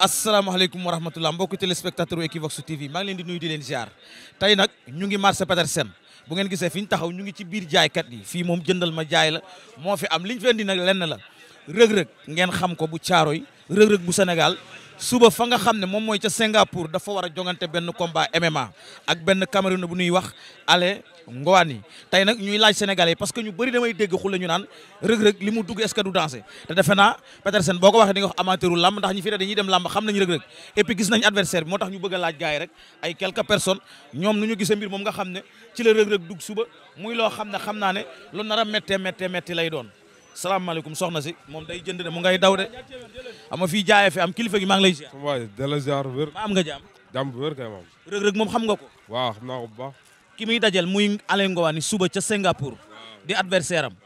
asalaamaaleykum wa rahmatulah mbokki téléspectateur Equivox TV maa ngi leen di nuyu di leen ziar tey nag ñu ngi marché Petersen bu ngeen gisee fi ñu taxaw ñu ngi ci biir jaaykat yi fii moom jëndal ma jaay la moo fi am li ñu feen di nag lenn la rëg-rëg ngeen xam ko bu caaroy rëg-rëg bu Sénégal suba fa nga xam ne moom mooy ca Singapour dafa war a jongante benn combat MMA ak benn Cameroun bu ñuy wax ale Ngowani tey nag ñuy laaj sénégalais parce que ñu bëri damay dégg xule ñu naan rëg-rëg li mu dugg est ce que du dansé te defe Petersen boo ko waxe di nga wax ndax ñi fi ne dañuy dem lamb xam nañu rëg-rëg et puis gis nañ adversaire moo tax ñu bëgg a laaj gars yi rek ay quelques personnes ñoom nu ñu gisee mbir moom nga xam ne ci la rëg-rëg loo xam ne xam naa ne lu nar a méttee lay doon salaamaaleykum soxna si moom day jënd de mu ngay daw de ama fi jaayee fi am kilifa gi maa ngi lay ziar. waaw dala ziar am nga jaam. jaam bu wér kay maam. moom xam nga ko. waaw xam naa ko baax. ki muy dajal muy Alain Ngowani suba ca Singapour. di adversaire am.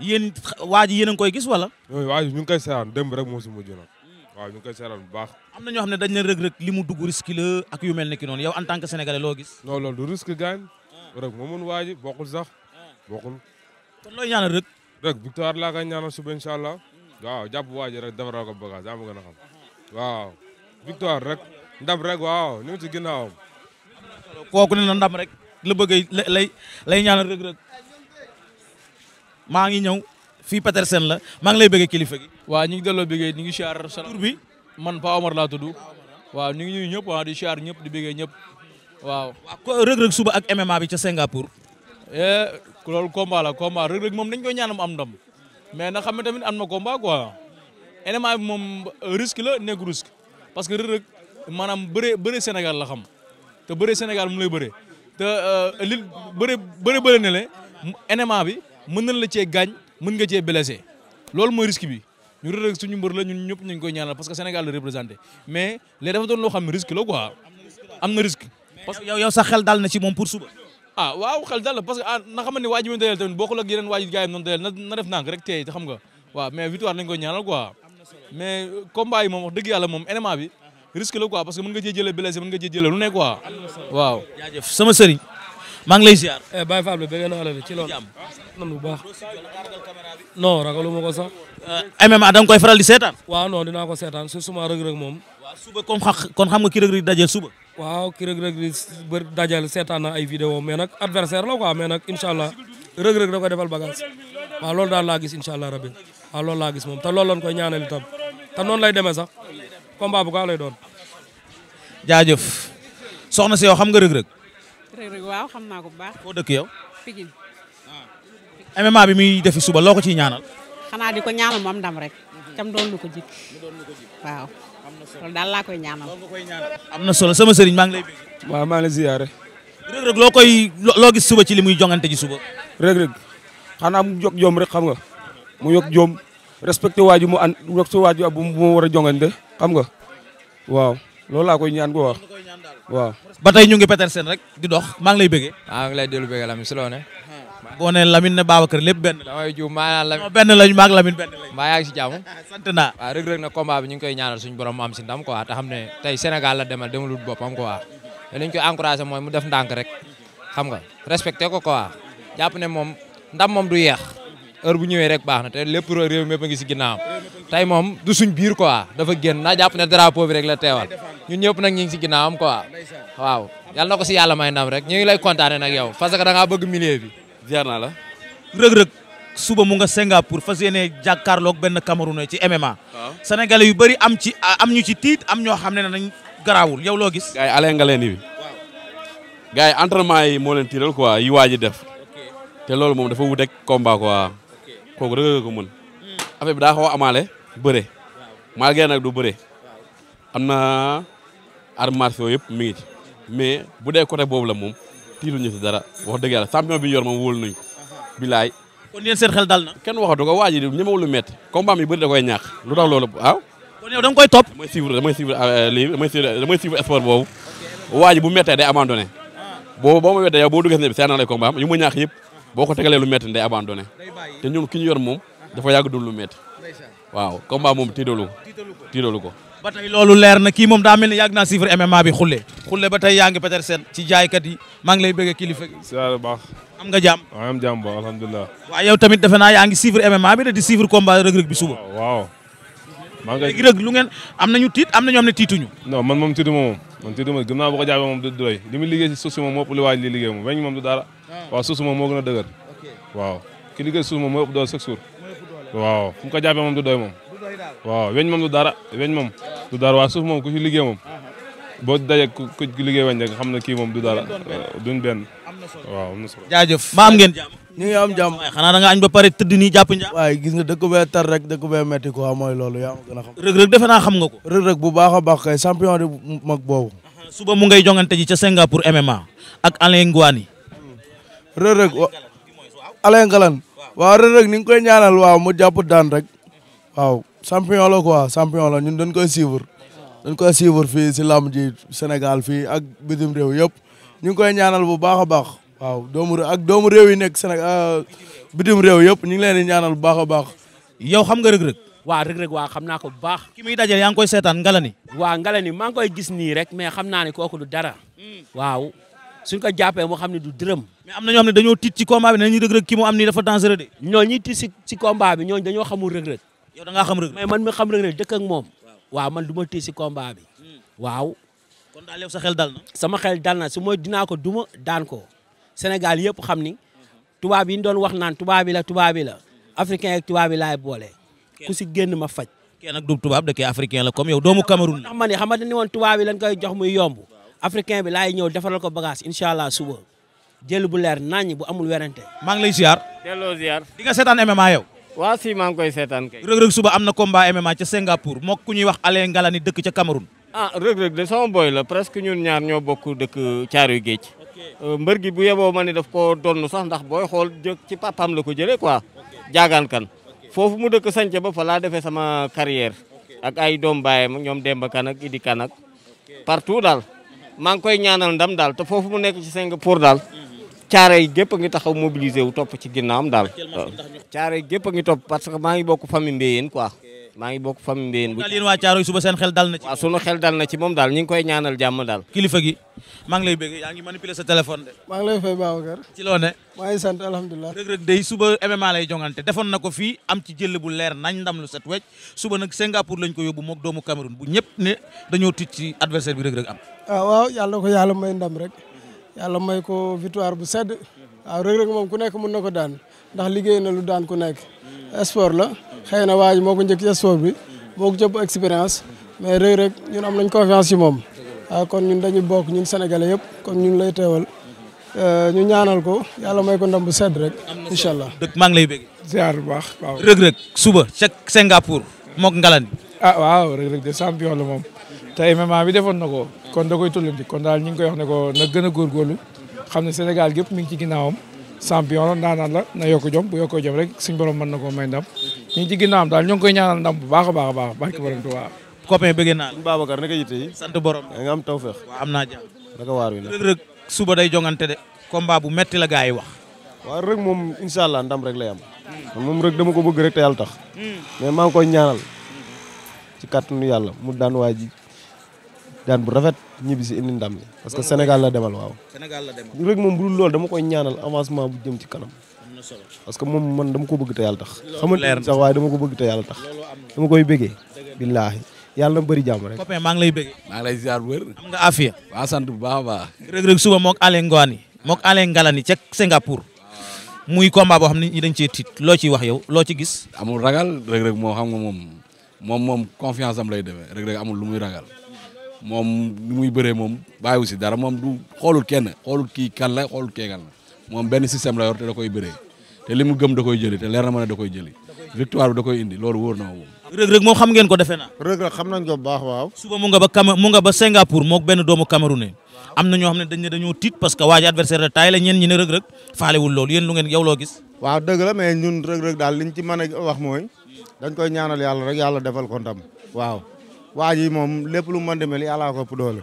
yéen waa ji yéen a ngi gis wala. waa ji ñu ngi koy seeraan démb rek moo si mujj nag. koy seeraan bu baax. am na ñoo xam ne dañ ne Reug Reug li mu dugg risque la ak yu mel ne ki noonu yow en tant que sénégalais loo gis. non loolu du risque gaañ. Reug moo waa ji bokkul sax bokkul. kon looy rek victoire la koy ñaanal suba incha waa ji rek a xam waaw victoire rek ndam rek waa ñu ngi ci ginnaawam. na ndam rek la bëgg lay lay ñaanal rëg maa ngi ñëw fii Petersen la maa ngi lay bëgg kilifa gi. waaw ñu ngi delloo bëggee ñu ngi siyaar sa bi man Pa Omar laa tudd waaw ñu ngi ñuy ñëpp ah, di siyaar ñëpp di bëggee ñëpp waaw. waaw ko rëg suba ak MMA bi ca Singapour. Eh, loolu combat la combat Reug Reug moom dañ koy ñaan mu am ndam mais na xam ne tamit am na combat quoi bi moom risque la nekk risque parce que Reug Reug maanaam bëre bëre Sénégal la xam te bëre Sénégal mu lay bëre te euh, li bëre bëre bëre ne le MMA bi mën nañ la cee gaañ mën nga cee blessé loolu mooy risque bi ñu suñu mbër la ñun ñëpp ñu koy ñaanal parce que Sénégal la représenté mais léegi dafa doon loo xam ne risque la quoi am na parce que yow yow sa xel dal na ah waaw xel dal la parce que ah na xam ne waa ji mu doyal tamit bokkul ak yeneen waa waaw mais victoire lañ ko ñaanal quoi mais combat yi moom yàlla moom MMA bi risque la quoi parce que mën nga cee jëlee blessé mën nga cee waaw. jaajëf sama sëriñ maa ngi lay ziar. Eh, Baye Fall bëgg naa la ci loolu. na lu baax non ragalu ma ko sax. Eh, da koy faral di seetaan. waaw non dinaa ko seetaan su suma moom. waaw suba comme kon xam nga ki rëg-rëg dajeel suba. waaw ki rëg-rëg di bër dajal seetaan na ay vidéo mais nag adversaire la quoi mais nag incha allah rëg-rëg da koy defal bagage waaw loolu daal laa gis incha allah rabbi waaw loolu laa gis moom te loolu lañ koy ñaanal itam te noonu lay demee sax combat bu kaa lay soxna si yow xam nga rëg-rëg rëg-rëg xam naa ko bu baax foo dëkk yow Pikine MMA bi muy defi suba loo ko ciy ñaanal xanaa di ko ñaanal moom rek Mm. tam doon lu ko jik waaw loolu daal laa koy ñaanal. am na solo sama sëriñ maa ngi lay bëgg. maa ngi lay ziyaare. Reug loo koy loo gis suba ci li muy jongante ji suba. Reug mu yokk joom rek xam nga mu yokk joom respecté waaju mu an respecté waaju bu mu war a jongante xam nga waaw loolu laa koy ñaan ko wax waaw. ba tey ñu ngi Petersen rek di dox maa ngi bëggee. maa ngi lay dellu bëggee la mi si loo boo nee Lamine ne Babacar lépp benn la. damay juum maa Lamine benn lañu maag Lamine benn lañu. maa yaa ngi si jàmm. sant naa. na combat bi ñu ngi mu am si ndam xam ne tey Sénégal la demal demalul boppam quoi te li ñu koy encouragé mooy mu def ndànk rek xam du yeex heure bu ñëwee rek baax na te lépp réew mépp a ngi si ginnaaw tey moom du suñ biir quoi dafa génn naa jàpp ne bi rek la teewal ñun ñëpp nag ñu ngi si ginnaawam quoi waaw yàlla na ko si yàlla may ndam rek ñu ngi lay kontaane nag ziar naa la. rëg-rëg suba mu nga Singapour fas yéene jàkkaarloog benn Camerounais ci MMA. waaw yu bëri am ci am ñu ci tiit am ñoo xam ne nañ garaawul yow loo gis. gars yi allé nga gars yi entraînement yi moo leen tiiral quoi yu waa ji def. te loolu moom dafa wuteeg combat quoi. kooku rëg-rëg ko mën. Hmm. affaire bi daa xaw a amaale. bëre. malgré nag du bëre. am na arts martiaux yëpp mi ngi mais bu dee côté boobu la moom. tiiluñu si dara wax dëgg yàlla champion bi ñu yor moom wóolu nañ ko bilaay kon yéen seen xel dal na kenn waxatu ko waa ji ñemewul lu métti combat mi bëri da koy ñàkk lu tax loolu waaw ah? ah, euh, boobu waa bu méttee day abandonné boo boo ma weddee yow boo duggee si ne bi seetaan lay combat am yu ma ñàkk yëpp boo ko tegalee lu métti day abandonné te ñun ki yor moom dafa yàgg dul lu métti waaw combat moom tiitalu ko tiitalu ko ba tey loolu leer na kii moom daa mel ni yàgg naa suivre MMA bi ba tey yaa ngi Petersen ci jaaykat yi maa lay bëgg kilifa gi. siyaare baax. am nga jàmm. waaw tamit defe naa yaa ngi suivre MMA bi de di suivre combat rëg-rëg bi waaw maa ngi rëg-rëg lu ngeen am tiit am na ñoom ne tiituñu. non man moom tiitu ma moom man tiitu ma gëm naa bu ko jaabee moom du doy li muy liggéey si ah. moo gën a dëgër waaw ki liggéey suuf moom moo ëpp doole chaque jour waaw fu mu ko jaabee du doy moom waaw weñ moom du dara weñ moom du dara waa suuf moom ku ci liggéey moom boo dajee ku ku liggéey weñ rek xam na kii moom du dara duñ benn waaw am na solo jaajëf maa am ngeen jàmm ñu ngi am jàmm xanaa da añ ba pare tëdd nii jàpp njàmm waaye gis nga dëkk bee tar rek dëkk bee métti quoi mooy loolu yaa a xam rëg-rëg defe naa xam nga ko rëg-rëg bu baax a baax kay champion di mag boobu suba mu ngay jongante ji ca Singapour MMA ak Alain Ngouani rëg-rëg Alain Ngalan waaw rëg-rëg ni nga ñaanal waaw mu champion la quoi champion la ñun dañ koy suivre dañ koy suivre fii si làmb ji Sénégal fii ak bitim réew yëpp ñu ngi koy ñaanal bu baax a baax waaw doomu ak doomu réew yi nekk Sénégal euh, bitim réew yëpp ñu ngi leen ñaanal bu baax a baax. yow xam nga rëg-rëg. waa rëg-rëg waa xam naa ko bu baax. ki muy dajal yaa ngi koy seetaan ngalani. waa ngalani maa ngi koy gis nii rek mais xam naa ne kooku du dara. Hmm. waaw suñ ko jàppee moo xam ne du dërëm. mais am na ñoo xam ne dañoo tiit ci combat mu am nii dafa dangereux de. ñooñu ñuy tiit si si combat bi ñooñu dañoo xamul rëg-rëg yow da ngaa xam mais man mi xam rëg rek dëkk ak moom. waaw man du ma téye si combat bi. Hmm. waaw. kon daal sa xel dal na. sama xel dal na su ma dinaa ko duma daan ko Sénégal yëpp xam ni tubaab yi ñu doon wax naan tubaab yi la tubaab yi la africain ak tubaab yi laay boole. ku si génn ma faj. kenn du tubaab da kee africain la comme yow doomu Cameroun. ndax man xamante ni woon tubaab yi lañ koy jox muy yomb. africain bi laay ñëw defaral ko bagage incha allah suba jël bu leer naññ bu amul werante. maa ngi lay ziar. delloo nga seetaan MMA yow. waa si maa ngi koy seetaan kay. Reug Reug suba am na combat MMA ca Singapour mook ku ñuy wax Alain Ngalani dëkk ca Cameroun. ah Reug Reug de sama boy la presque ñun ñaar ñoo bokk dëkk Caaroy Géej. Euh, mbër gi bu yeboo ma ne daf koo donn sax ndax booy xool jë ci papaam la ko jëlee quoi. jaagaan kan foofu mu dëkk sànce ba fa laa defee sama carrière. ak ay doom baayam ñoom Demba Kan ak Idi Kan ak partout daal maa ngi koy ñaanal ndam daal te foofu mu nekk ci Singapour daal. Mm. caare yi gépp a ngi taxaw mobilisé wu topp ci ginnaawam maa ngi bokk famille Mbéyeen quoi. maa ngi bokk famille Mbéyeen. bu yéen waa suba seen xel dal na ci. waaw sunu xel dal na moom daal ñu koy ñaanal jàmm daal. kilifa gi maa ngi lay bëgg yaa ngi manipuler sa téléphone de. maa ngi lay fay Babacar. ci loo maa ngi sant alhamdulilah. suba na ko fii am nag Singapour lañ ko yóbbu mook doomu Cameroun bu ñëpp ne dañoo tiit ci adversaire bi Reug Reug am. ah waaw yàlla ko yàlla may ndam rek yàlla may ko victoire bu sedd waaw Reug Reug moom ku nekk mun na ko daan ndax liggéey na lu daan ku nekk sport la xëy na waa ji moo ko njëkk ci bi moo ko jëpp expérience mais Reug Reug ñun am nañ confiance ci moom kon ñun dañu bokk ñun sénégalais yëpp kon ñun lay teewal euh, ñu ñaanal ko yàlla may ko ndam bu sedd rek incha allah dëkk maa ngi lay bëgg bu baax waaw Reug Reug suba ca Singapour mook Ngalani ah waaw Reug Reug de champion la moom te MMA bi defoon na ko kon da koy tullanti kon daal ñu ngi koy wax ne ko na gën a góorgóorlu xam ne Sénégal gépp mi ngi ci ginnaawam champion la ndaanaan la na yokk jom bu yokkoo jom rek suñ borom mën na koo may ndam ñu ngi ci ginnaawam daal ñoo ngi koy ñaanal ndam bu baax a baax a baax barki borom naa Babacar naka yitte sant borom nga am tawfeex waaw am naa jàmm naka waar wi Reug suba day jongante de combat bu metti la gars yi wax waaw Reug moom incha allah ndam rek lay am moom Reug dama ko bëgg rek te yàlla tax hmm. mais maa ngi koy ñaanal ci kàttanu yàlla mu daan waa ji daan bu rafet ñibbisi si indi ndam li parce que Sénégal la demal waaw. rek moom bu dul loolu dama koy ñaanal avancement bu jëm ci kanam. am na parce que moom man dama ko bëgg te yàlla tax. loolu leer na sax waaye dama ko bëgg te yàlla tax. dama koy bëggee. billaahi yàlla na bëri jàmm rek. copain maa ngi lay bëggee. maa ngi lay ziar nga afiya. sant bu baax a baax. Reug Reug suba moog Alain Ngoani moog Alain Ngalani ca Singapour. muy combat boo xam ne ñi dañ cee tiit loo ciy wax yow loo ci gis. amul ragal Reug Reug moo xam nga moom moom moom confiance am lay demee rek Reug amul lu muy ragal moom lu muy bëree moom bàyyiwu si dara moom du xoolul kenn xoolul kii kan la xoolul kee kan la moom benn système la yor te da koy bëree te li mu gëm da koy jëli te leer na ma ne da jëli victoire bi da indi loolu wóor na ma rëg-rëg moom xam ngeen ko defe naa. rëg-rëg xam nañ ko bu baax waaw. suba mu nga ba Cam mu nga ba Singapour moog benn doomu Cameroun am na ñoo xam ne dañ ne dañoo tiit parce que waaji adversaire de taille la ñeen ñi ne rëg-rëg faalewul loolu yéen lu ngeen yow loo gis. waaw ñun rëg-rëg daal liñ ci mën a wax mooy koy ñaanal yàlla rek yàlla defal ko ndam waaw waa ji moom lépp lu mën demel yàllaa ko ëpp doole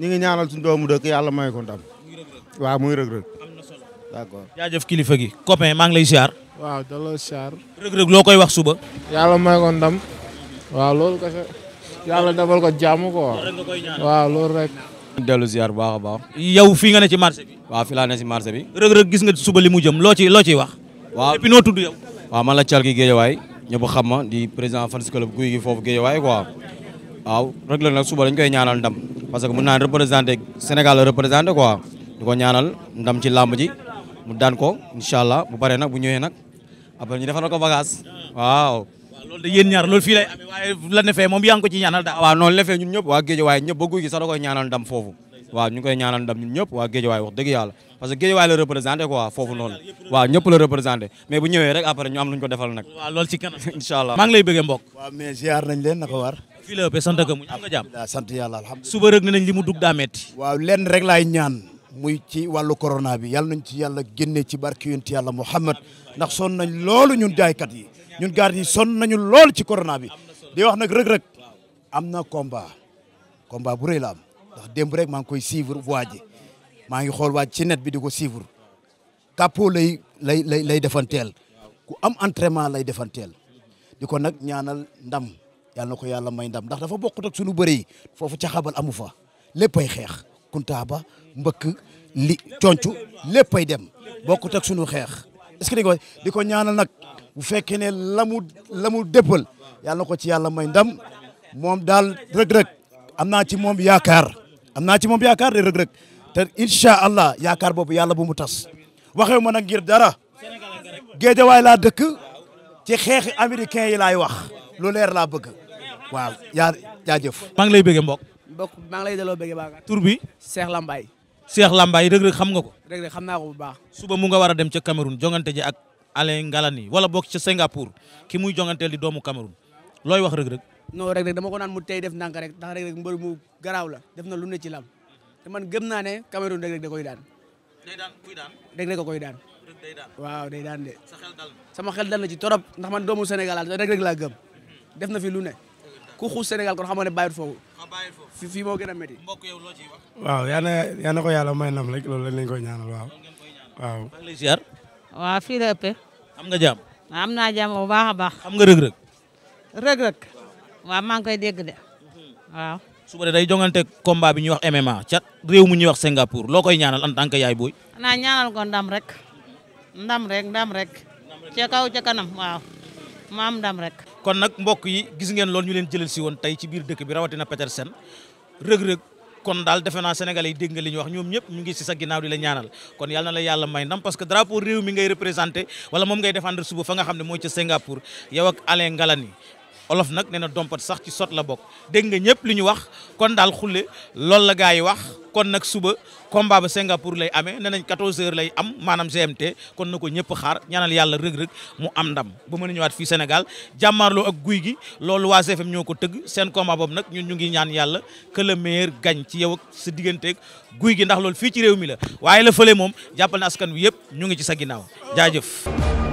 ñu ngi ñaanal suñu doomu dëkk yàlla may ko ndam waaw muy rëg-rëg d'accord jaajëf kilifa gi copain maa ngi lay siyaar waaw la siyaar rëg-rëg loo koy wax suba yàlla may ko ndam waaw ko jàmm ko waaw loolu rek dellu ziar bu baax a yow fii nga ne ci marché bi. waaw fii laa si marché bi. rëg-rëg gis nga suba li mu jëm loo ci loo ciy wax. waaw et tudd yow. waaw man la Thial gi waay ñëpp xam ma di président fan si club guy gi foofu waaw Reug Reug nag suba dañ koy ñaanal ndam parce que mun naa représenté Sénégal la représenté quoi di ko ñaanal ndam ci làmb ji mu daan ko incha allah mu paree nag bu ñëwee nag après ñu defal ko bagage waaw. loolu de yéen ñaar loolu fii lay amee waaye la ne fee moom waa géej waaye ñëpp ba da ndam foofu waaw ñu ngi koy ñaanal ndam ñun ñëpp waa géej waaye wax dëgg yàlla parce que Guédiawaye la représenté quoi foofu noonu waaw ñëpp la représenté mais bu ñëwee rek après ñu am lu ñu ko defal nag. waaw loolu ci kanam incha allah maa ngi lay bëggee mbokk. waaw mais ziar nañ leen naka war. fii la ëppee sant ak mu ñu nga jàmm. sant yàlla alhamdulilah suba rek nañ li mu dugg daa metti. waaw rek laay ñaan muy ci wàllu corona bi yàlla nañ ci yàlla génnee ci barki yonent yàlla Muhammad ndax sonn nañ loolu la am ndax démb rek maa ngi maa ngi xool waaj ci net bi di ko suivre Capo lay lay lay lay defanteel ku am entraînement lay defanteel di ko nag ñaanal ndam yàlla na ko yàlla may ndam ndax dafa bokkut ak suñu bëri foofu ca xabal amu fa léppay xeex kuntaaba mbëkk li conc léppay dem bokkut ak suñu xeex est di ko di ko ñaanal nag bu fekkee ne lamu lamu déppal yàlla na ko ci yàlla may ndam moom daal rëg-rëg naa ci moom yaakaar am naa ci moom yaakaar de rëg-rëg te incha allah yaakaar boobu yàlla bu mu tas waxewu ma nag ngir dara waay laa dëkk ci xeexi américain yi laay wax lu leer laa bëgg waaw yaa jëf maa ngi lay bëggee mbokk. mbokk maa ngi lay delloo bëggee baaga tur bi Cheikh Lambaye. Cheikh Lambaye Reug Reug xam nga ko. Reug xam naa ko bu baax. suba mu nga war a dem ca Cameroun jongante ji ak Alain Ngalani wala bokk ca Singapour ki muy jonganteel di doomu Cameroun looy wax Reug Reug. noo Reug Reug dama ko naan mu tey def ndànk rek ndax Reug Reug mbër mu garaw la def na lu ne ci lam te man gëm naa ne Cameroun rek da koy daan. day daan kuy daan. rek rek da koy daan. day daan daan de. ci torop ndax man doomu Sénégal laa rek rek laa gëm. Mhm. def na fi lu ne. ku xuus Sénégal kon xam nga ne bàyyiwul foofu. waaw yaa na yaa na ko yàlla may nam rek loolu lañ waaw. waaw. fii la ëppee. am nga jàmm. am naa a baax. xam maa ngi koy dégg mhm. waaw. suba de day jongante combat bi ñu wax MMA ca réew mu ñuy wax Singapour loo koy ñaanal en tant que yaay booy. xanaa ñaanal ko ndam rek ndam rek ndam rek ca kaw ca kanam waaw maam ndam rek. kon nag mbokk yi gis ngeen lool ñu leen jëlal si woon tey ci biir dëkk bi rawatina Petersen rëg-rëg kon daal defe naa sénégalais yi nga li ñu wax ñoom ñëpp ñu ngi si sa ginnaaw di la ñaanal kon yàlla na la yàlla may ndam parce que drapeau réew mi ngay représenté wala moom ngay défendre suba nga xam ne mooy ca Singapour yow ak Alain olof nag nee na dompat sax ci sot la bokk dégg nga ñëpp li ñu wax kon daal xule loolu la gars yi wax kon nag suba combat ba Singapour lay amee nee nañ 14h lay am maanaam GMT kon na ko ñëpp xaar ñaanal yàlla rëg-rëg mu am ndam ba mën a ñëwaat fii Sénégal jàmmaarloo ak guy gi loolu waa GFM ñoo ko tëgg seen combat boobu nag ñun ñu ngi ñaan yàlla que le meilleur ci yow sa digganteeg guy gi ndax loolu fii ci réew mi la waaye la fële moom jàppal na askan wi yëpp ñu ngi ci sa ginnaaw jaajëf